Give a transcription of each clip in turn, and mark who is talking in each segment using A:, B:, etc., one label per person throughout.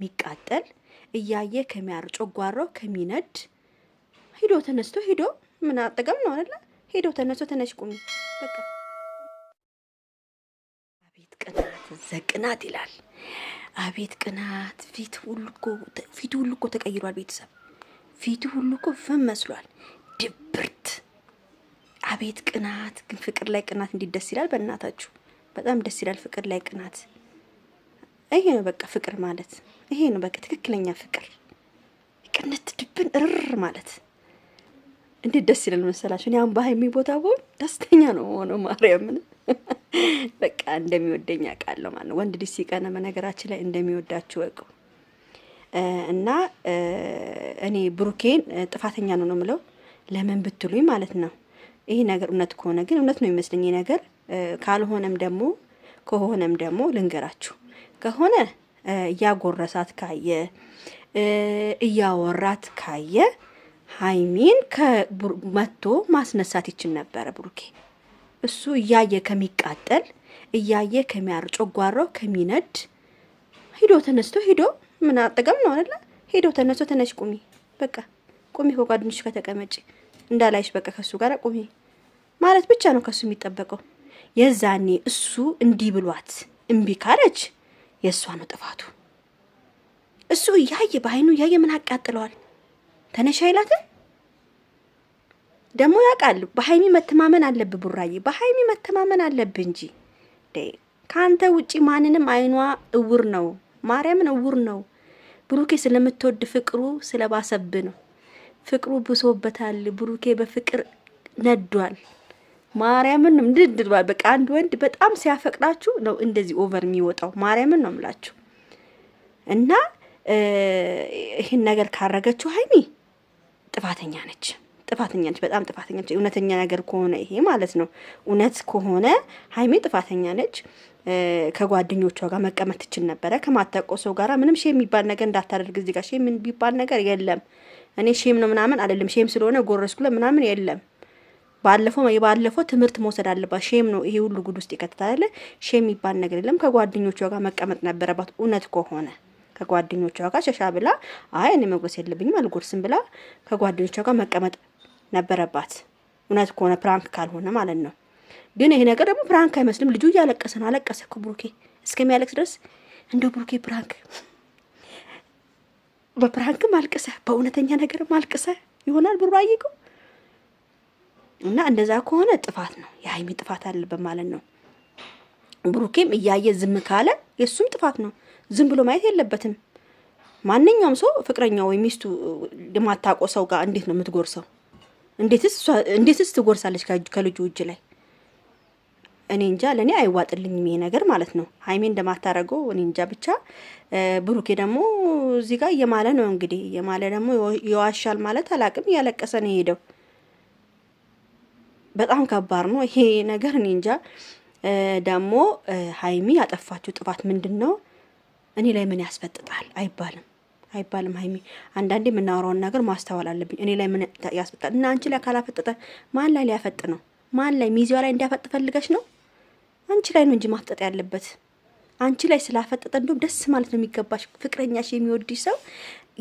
A: የሚቃጠል እያየ ከሚያር ጨጓራው ከሚነድ ሂዶ ተነስቶ ሂዶ ምን አጠገም ነው አይደለ? ሂዶ ተነስቶ ተነሽ ቁሚ በቃ። አቤት ቅናት ዘቅናት ይላል። አቤት ቅናት! ፊት ሁሉ እኮ ፊቱ ሁሉ እኮ ተቀይሯል። ቤተሰብ ፊቱ ሁሉ እኮ ፍም መስሏል። ድብርት አቤት ቅናት! ግን ፍቅር ላይ ቅናት እንዲደስ ይላል። በእናታችሁ በጣም ደስ ይላል ፍቅር ላይ ቅናት ይሄ ነው በቃ ፍቅር ማለት ይሄ ነው በቃ ትክክለኛ ፍቅር። ቅንት ድብን እርር ማለት እንዴት ደስ ይላል መሰላችሁ። እኔ አሁን በሀይሚ ቦታ ብሆን ደስተኛ ነው ሆኖ ማርያምን በቃ እንደሚወደኝ አውቃለሁ ማለት ነው። ወንድ ልጅ ሲቀና በነገራችን ላይ እንደሚወዳችሁ እወቁ። እና እኔ ብሩኬን ጥፋተኛ ነው ነው የምለው ለምን ብትሉኝ ማለት ነው። ይህ ነገር እውነት ከሆነ ግን እውነት ነው ይመስለኝ ነገር ካልሆነም ደግሞ ከሆነም ደግሞ ልንገራችሁ ከሆነ እያጎረሳት ካየ እያወራት ካየ ሀይሚን መቶ ማስነሳት ይችል ነበረ። ብሩኬ እሱ እያየ ከሚቃጠል እያየ ከሚያር ጨጓራው ከሚነድ ሂዶ ተነስቶ ሂዶ ምን አጠቀም ነው አለ ሂዶ ተነስቶ ተነሽ ቁሚ፣ በቃ ቁሚ፣ ከጓደኞች ከተቀመጭ እንዳላይሽ በቃ ከሱ ጋር ቁሚ ማለት ብቻ ነው ከሱ የሚጠበቀው። የዛኔ እሱ እንዲህ ብሏት እምቢ ካለች የእሷ ነው ጥፋቱ። እሱ እያየ በአይኑ እያየ ምን አቃጥለዋል? ተነሻ ይላት ደግሞ ያውቃሉ። በሀይሚ መተማመን አለብ ቡራዬ፣ በሀይሚ መተማመን አለብ እንጂ ከአንተ ውጪ ማንንም አይኗ እውር ነው፣ ማርያምን እውር ነው። ብሩኬ ስለምትወድ ፍቅሩ ስለባሰብ ነው። ፍቅሩ ብሶበታል። ብሩኬ በፍቅር ነዷል። ማርያምን ነው እንድድር በቃ አንድ ወንድ በጣም ሲያፈቅዳችሁ ነው እንደዚህ ኦቨር የሚወጣው። ማርያምን ነው የምላችሁ። እና ይህን ነገር ካረገችው ሀይሚ ጥፋተኛ ነች፣ ጥፋተኛ ነች፣ በጣም ጥፋተኛ ነች። እውነተኛ ነገር ከሆነ ይሄ ማለት ነው፣ እውነት ከሆነ ሀይሚ ጥፋተኛ ነች። ከጓደኞቿ ጋር መቀመጥ ትችል ነበረ። ከማታውቀው ሰው ጋር ምንም ሼም የሚባል ነገር እንዳታደርግ። እዚህ ጋር ሼም የሚባል ነገር የለም። እኔ ሼም ነው ምናምን አለልም። ሼም ስለሆነ ጎረስኩለ ምናምን የለም። ባለፈው የባለፈው ትምህርት መውሰድ አለባት። ሼም ነው ይሄ ሁሉ ጉድ ውስጥ ይከተታል። ሼም የሚባል ነገር የለም። ከጓደኞቿ ጋር መቀመጥ ነበረባት። እውነት ከሆነ ከጓደኞቿ ጋር ሸሻ ብላ አይ እኔ መጉረስ የለብኝም አልጎርስም ብላ ከጓደኞቿ ጋር መቀመጥ ነበረባት። እውነት ከሆነ ፕራንክ ካልሆነ ማለት ነው። ግን ይሄ ነገር ደግሞ ፕራንክ አይመስልም። ልጁ እያለቀሰ ነው። አለቀሰ እኮ ብሩኬ እስከሚያለቅስ ድረስ እንደ ብሩኬ ፕራንክ በፕራንክም አልቅሰ በእውነተኛ ነገርም አልቅሰ ይሆናል ብሩ አይቁ እና እንደዛ ከሆነ ጥፋት ነው፣ የሀይሚ ጥፋት አለበት ማለት ነው። ብሩኬም እያየ ዝም ካለ የእሱም ጥፋት ነው። ዝም ብሎ ማየት የለበትም። ማንኛውም ሰው ፍቅረኛ ወይ ሚስቱ የማታውቀው ሰው ጋር እንዴት ነው የምትጎርሰው? እንዴትስ ትጎርሳለች ከልጁ እጅ ላይ? እኔ እንጃ፣ ለእኔ አይዋጥልኝም ይሄ ነገር ማለት ነው። ሀይሜ እንደማታረገው እኔ እንጃ። ብቻ ብሩኬ ደግሞ እዚህ ጋር እየማለ ነው እንግዲህ። እየማለ ደግሞ ይዋሻል ማለት አላቅም። እያለቀሰ ነው የሄደው። በጣም ከባድ ነው ይሄ ነገር። እኔ እንጃ። ደግሞ ሀይሚ ያጠፋችው ጥፋት ምንድን ነው? እኔ ላይ ምን ያስፈጥጣል አይባልም አይባልም። ሀይሚ አንዳንዴ የምናወራውን ነገር ማስተዋል አለብኝ። እኔ ላይ ምን ያስፈጥጣል? እና አንቺ ላይ ካላፈጠጠ ማን ላይ ሊያፈጥ ነው? ማን ላይ ሚዜዋ ላይ እንዲያፈጥ ፈልገሽ ነው? አንቺ ላይ ነው እንጂ ማፍጠጥ ያለበት አንቺ ላይ ስላፈጠጠ እንዲሁም ደስ ማለት ነው የሚገባሽ። ፍቅረኛሽ የሚወድሽ ሰው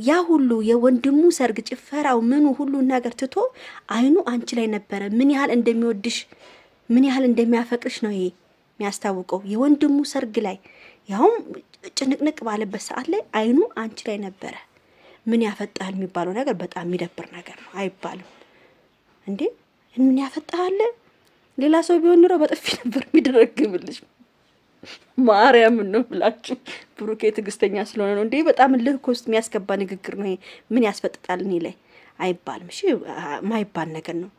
A: ያ ሁሉ የወንድሙ ሰርግ ጭፈራው፣ ምኑ ሁሉን ነገር ትቶ አይኑ አንቺ ላይ ነበረ። ምን ያህል እንደሚወድሽ ምን ያህል እንደሚያፈቅርሽ ነው ይሄ የሚያስታውቀው። የወንድሙ ሰርግ ላይ ያውም ጭንቅንቅ ባለበት ሰዓት ላይ አይኑ አንቺ ላይ ነበረ። ምን ያፈጣል የሚባለው ነገር በጣም የሚደብር ነገር ነው። አይባልም እንዴ ምን ያፈጣል? ሌላ ሰው ቢሆን ኑሮ በጥፊ ነበር የሚደረግምልሽ። ማርያም ነው ብላችሁ ብሩኬ ትዕግስተኛ ስለሆነ ነው እንዴ? በጣም ልህኮ ውስጥ የሚያስገባ ንግግር ነው ምን ያስፈጥጣል እኔ ላይ አይባልም። እሺ ማይባል ነገር ነው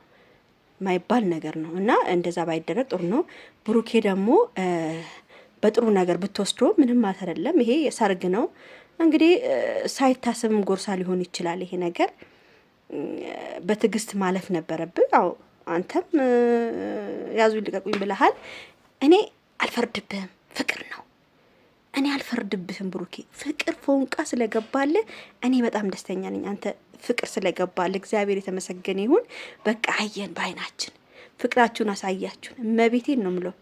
A: ማይባል ነገር ነው እና እንደዛ ባይደረግ ጥሩ ነው። ብሩኬ ደግሞ በጥሩ ነገር ብትወስዶ ምንም አደለም ይሄ ሰርግ ነው እንግዲህ ሳይታሰብም ጎርሳ ሊሆን ይችላል ይሄ ነገር። በትዕግስት ማለፍ ነበረብን። አዎ አንተም ያዙ ይልቀቁኝ ብለሃል። እኔ አልፈርድብህም። ፍቅር ነው። እኔ አልፈርድብህም ብሩኬ። ፍቅር ፎንቃ ስለገባለ እኔ በጣም ደስተኛ ነኝ። አንተ ፍቅር ስለገባለ እግዚአብሔር የተመሰገነ ይሁን። በቃ አየን በአይናችን፣ ፍቅራችሁን አሳያችሁን። እመቤቴን ነው ምለው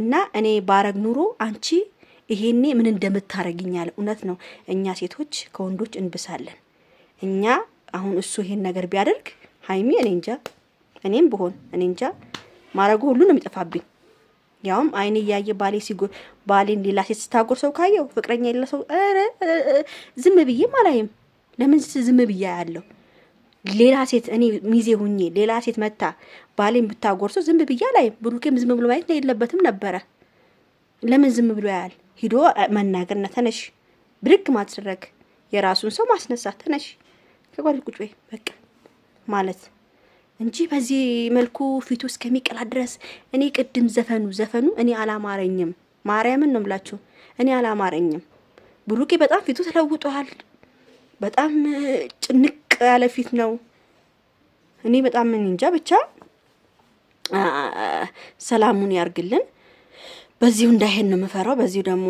A: እና እኔ ባረግ ኑሮ አንቺ ይሄኔ ምን እንደምታረግኛል። እውነት ነው። እኛ ሴቶች ከወንዶች እንብሳለን። እኛ አሁን እሱ ይሄን ነገር ቢያደርግ ሀይሚ፣ እኔ እንጃ፣ እኔም ብሆን እኔ እንጃ ማረጉ ሁሉ ነው የሚጠፋብኝ። ያውም አይን እያየ ባሌ ሲጎ ባሌን ሌላ ሴት ስታጎር ሰው ካየው ፍቅረኛ የሌለ ሰው ዝም ብዬ አላይም። ለምን ዝም ብዬ ያለው ሌላ ሴት እኔ ሚዜ ሁኜ ሌላ ሴት መታ ባሌን ብታጎር ሰው ዝም ብዬ አላይም። ብሩኬም ዝም ብሎ ማየት የለበትም ነበረ። ለምን ዝም ብሎ ያያል? ሂዶ መናገር ነ ተነሽ ብድግ ማድረግ የራሱን ሰው ማስነሳት ተነሽ ከጓል ቁጭ በቃ ማለት እንጂ በዚህ መልኩ ፊቱ እስከሚቀላ ድረስ እኔ ቅድም ዘፈኑ ዘፈኑ እኔ አላማረኝም። ማርያምን ነው ምላችሁ እኔ አላማረኝም። ብሩኬ በጣም ፊቱ ተለውጧል። በጣም ጭንቅ ያለ ፊት ነው። እኔ በጣም እንጃ ብቻ ሰላሙን ያርግልን። በዚሁ እንዳይሄድ ነው የምፈራው። በዚሁ ደግሞ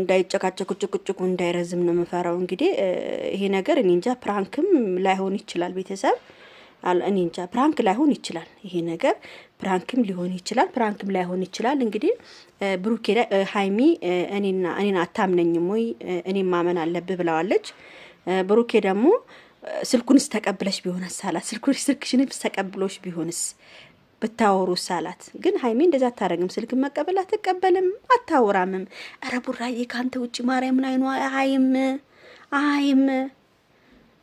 A: እንዳይጨቃጨቁ ጭቅጭቁ እንዳይረዝም ነው የምፈራው። እንግዲህ ይሄ ነገር እኔ እንጃ ፕራንክም ላይሆን ይችላል ቤተሰብ እኔ እንጃ ፕራንክ ላይሆን ይችላል። ይሄ ነገር ፕራንክም ሊሆን ይችላል፣ ፕራንክም ላይሆን ይችላል። እንግዲህ ብሩኬ ላይ ሀይሚ እኔና እኔን አታምነኝም ወይ እኔ ማመን አለብህ ብለዋለች። ብሩኬ ደግሞ ስልኩንስ ተቀብለሽ ቢሆንስ ሳላት ስልኩን ስልክሽን ተቀብሎሽ ቢሆንስ ብታወሩ ሳላት ግን ሀይሜ እንደዛ አታረግም። ስልክ መቀበል አትቀበልም፣ አታወራምም። ረቡራዬ ከአንተ ውጭ ማርያምን አይኗ አይም አይም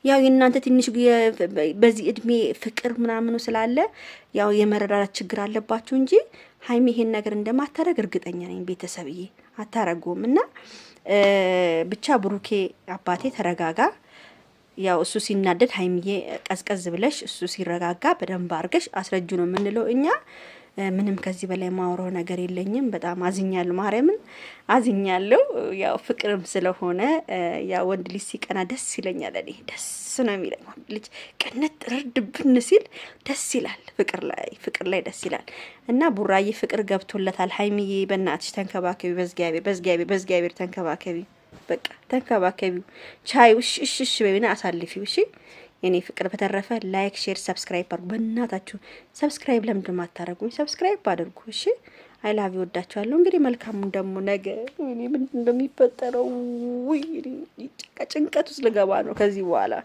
A: ያው የእናንተ ትንሽ በዚህ እድሜ ፍቅር ምናምኑ ስላለ ያው የመረዳዳት ችግር አለባችሁ እንጂ ሀይሚ ይሄን ነገር እንደማታረግ እርግጠኛ ነኝ። ቤተሰብዬ አታረጉም እና ብቻ ብሩኬ አባቴ ተረጋጋ። ያው እሱ ሲናደድ ሀይሚዬ ቀዝቀዝ ብለሽ፣ እሱ ሲረጋጋ በደንብ አርገሽ አስረጁ ነው የምንለው እኛ ምንም ከዚህ በላይ ማውራው ነገር የለኝም። በጣም አዝኛለሁ፣ ማርያምን አዝኛለሁ። ያው ፍቅርም ስለሆነ ያ ወንድ ልጅ ሲቀና ደስ ይለኛል። እኔ ደስ ነው የሚለኝ ወንድ ልጅ ቅንጥ ርድብን ሲል ደስ ይላል። ፍቅር ላይ ፍቅር ላይ ደስ ይላል እና ቡራዬ ፍቅር ገብቶለታል። ሀይሚዬ በእናትሽ ተንከባከቢ፣ በዝጋቤ በእግዚአብሔር በዝጋቤር ተንከባከቢ። በቃ ተንከባከቢው። ቻይ ውሽ እሽ እሽ በይና አሳልፊው እሺ የኔ ፍቅር። በተረፈ ላይክ፣ ሼር፣ ሰብስክራይብ አድርጉ። በእናታችሁ ሰብስክራይብ ለምንድን ነው ሰብስክራይብ አድርጉ። እሺ አይ ላቭ ይወዳችኋለሁ። እንግዲህ መልካሙን ደግሞ ነገ ምን እንደሚፈጠረው ጭንቀት ውስጥ ልገባ ነው ከዚህ በኋላ